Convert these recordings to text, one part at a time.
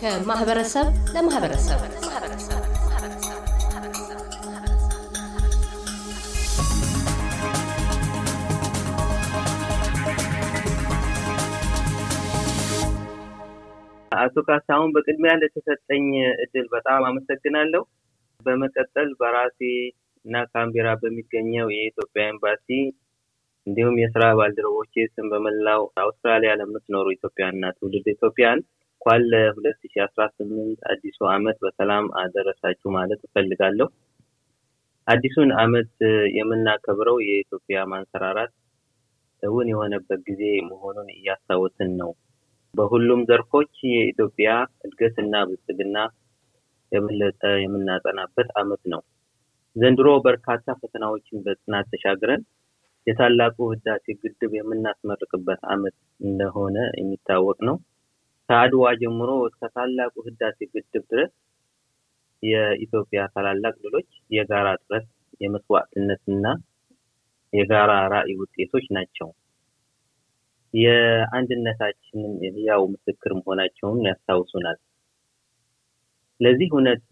ከማህበረሰብ ለማህበረሰብ አቶ ካሳሁን በቅድሚያ ለተሰጠኝ እድል በጣም አመሰግናለሁ። በመቀጠል በራሴ እና ካምቤራ በሚገኘው የኢትዮጵያ ኤምባሲ እንዲሁም የስራ ባልደረቦቼ ስም በመላው አውስትራሊያ ለምትኖሩ ኢትዮጵያና ትውልድ ኢትዮጵያን እንኳን ለሁለት ሺ አስራ ስምንት አዲሱ አመት በሰላም አደረሳችሁ ማለት እፈልጋለሁ። አዲሱን አመት የምናከብረው የኢትዮጵያ ማንሰራራት እውን የሆነበት ጊዜ መሆኑን እያስታወስን ነው። በሁሉም ዘርፎች የኢትዮጵያ እድገትና ብልጽግና የበለጠ የምናጠናበት አመት ነው። ዘንድሮ በርካታ ፈተናዎችን በጽናት ተሻግረን የታላቁ ህዳሴ ግድብ የምናስመርቅበት ዓመት እንደሆነ የሚታወቅ ነው። ከአድዋ ጀምሮ እስከ ታላቁ ህዳሴ ግድብ ድረስ የኢትዮጵያ ታላላቅ ድሎች የጋራ ጥረት፣ የመስዋዕትነትና የጋራ ራዕይ ውጤቶች ናቸው። የአንድነታችንን የህያው ምስክር መሆናቸውን ያስታውሱናል። ለዚህ እውነት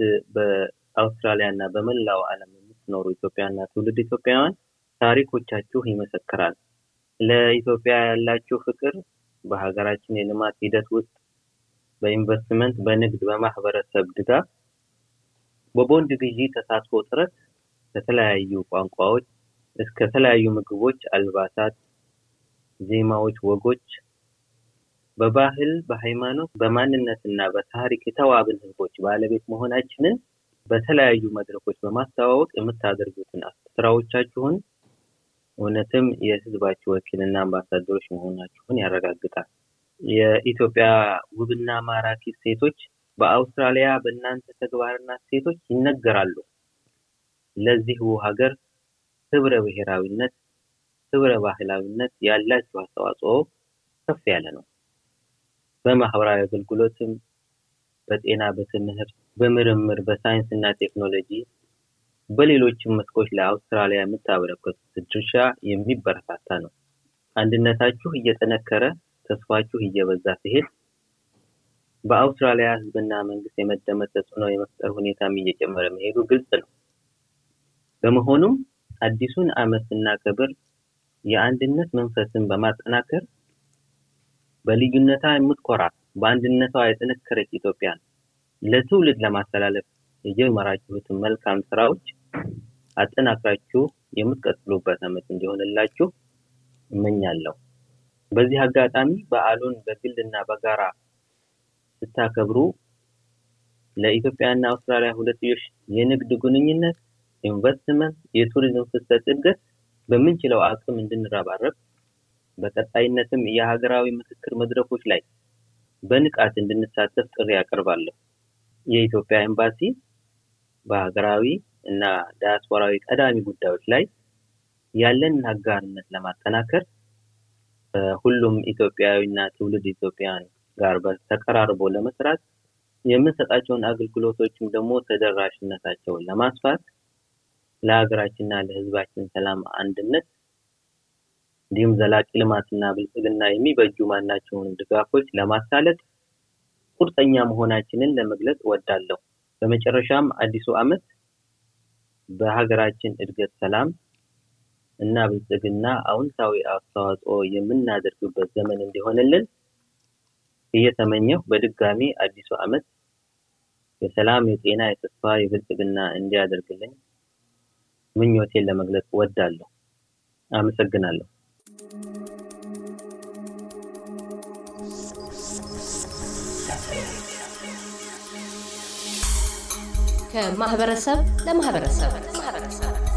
እና በመላው ዓለም የምትኖሩ ኢትዮጵያና ትውልድ ኢትዮጵያውያን ታሪኮቻችሁ ይመሰክራል። ለኢትዮጵያ ያላችሁ ፍቅር በሀገራችን የልማት ሂደት ውስጥ በኢንቨስትመንት፣ በንግድ፣ በማህበረሰብ ድጋፍ፣ በቦንድ ግዢ ተሳትፎ ጥረት ከተለያዩ ቋንቋዎች እስከ ተለያዩ ምግቦች፣ አልባሳት፣ ዜማዎች፣ ወጎች በባህል፣ በሃይማኖት፣ በማንነትና በታሪክ የተዋብን ህዝቦች ባለቤት መሆናችንን በተለያዩ መድረኮች በማስተዋወቅ የምታደርጉትን ስራዎቻችሁን እውነትም የህዝባችሁ ወኪልና አምባሳደሮች መሆናችሁን ያረጋግጣል። የኢትዮጵያ ውብና ማራኪ ሴቶች በአውስትራሊያ በእናንተ ተግባርና ሴቶች ይነገራሉ። ለዚህ ውብ ሀገር ህብረ ብሔራዊነት፣ ህብረ ባህላዊነት ያላችሁ አስተዋጽኦ ከፍ ያለ ነው። በማህበራዊ አገልግሎትም በጤና፣ በትምህርት፣ በምርምር፣ በሳይንስና ቴክኖሎጂ በሌሎችም መስኮች ለአውስትራሊያ የምታበረከቱት ድርሻ የሚበረታታ ነው። አንድነታችሁ እየጠነከረ ተስፋችሁ እየበዛ ሲሄድ በአውስትራሊያ ሕዝብና መንግስት የመደመጥ ተጽዕኖ የመፍጠር ሁኔታም እየጨመረ መሄዱ ግልጽ ነው። በመሆኑም አዲሱን ዓመት ስናከብር የአንድነት መንፈስን በማጠናከር በልዩነታ የምትኮራ በአንድነቷ የጠነከረች ኢትዮጵያ ለትውልድ ለማስተላለፍ የጀመራችሁትን መልካም ስራዎች አጠናክራችሁ የምትቀጥሉበት ዓመት እንዲሆንላችሁ እመኛለሁ። በዚህ አጋጣሚ በዓሉን በግልና በጋራ ስታከብሩ ለኢትዮጵያና አውስትራሊያ ሁለትዮሽ የንግድ ግንኙነት፣ ኢንቨስትመንት፣ የቱሪዝም ፍሰት እድገት በምንችለው አቅም እንድንረባረብ በቀጣይነትም የሀገራዊ ምክክር መድረኮች ላይ በንቃት እንድንሳተፍ ጥሪ አቀርባለሁ። የኢትዮጵያ ኤምባሲ በሀገራዊ እና ዲያስፖራዊ ቀዳሚ ጉዳዮች ላይ ያለንን አጋርነት ለማጠናከር ሁሉም ኢትዮጵያዊና ትውልድ ኢትዮጵያን ጋር ተቀራርቦ ለመስራት የምንሰጣቸውን አገልግሎቶችም ደግሞ ተደራሽነታቸውን ለማስፋት ለሀገራችንና ለሕዝባችን ሰላም አንድነት እንዲሁም ዘላቂ ልማትና ብልጽግና የሚበጁ ማናቸውንም ድጋፎች ለማሳለጥ ቁርጠኛ መሆናችንን ለመግለጽ እወዳለሁ። በመጨረሻም አዲሱ ዓመት በሀገራችን እድገት፣ ሰላም እና ብልጽግና አውንታዊ አስተዋጽኦ የምናደርግበት ዘመን እንዲሆንልን እየተመኘሁ በድጋሚ አዲሱ ዓመት የሰላም፣ የጤና፣ የተስፋ፣ የብልጽግና እንዲያደርግልኝ ምኞቴን ለመግለጽ እወዳለሁ። አመሰግናለሁ። ከማህበረሰብ ለማህበረሰብ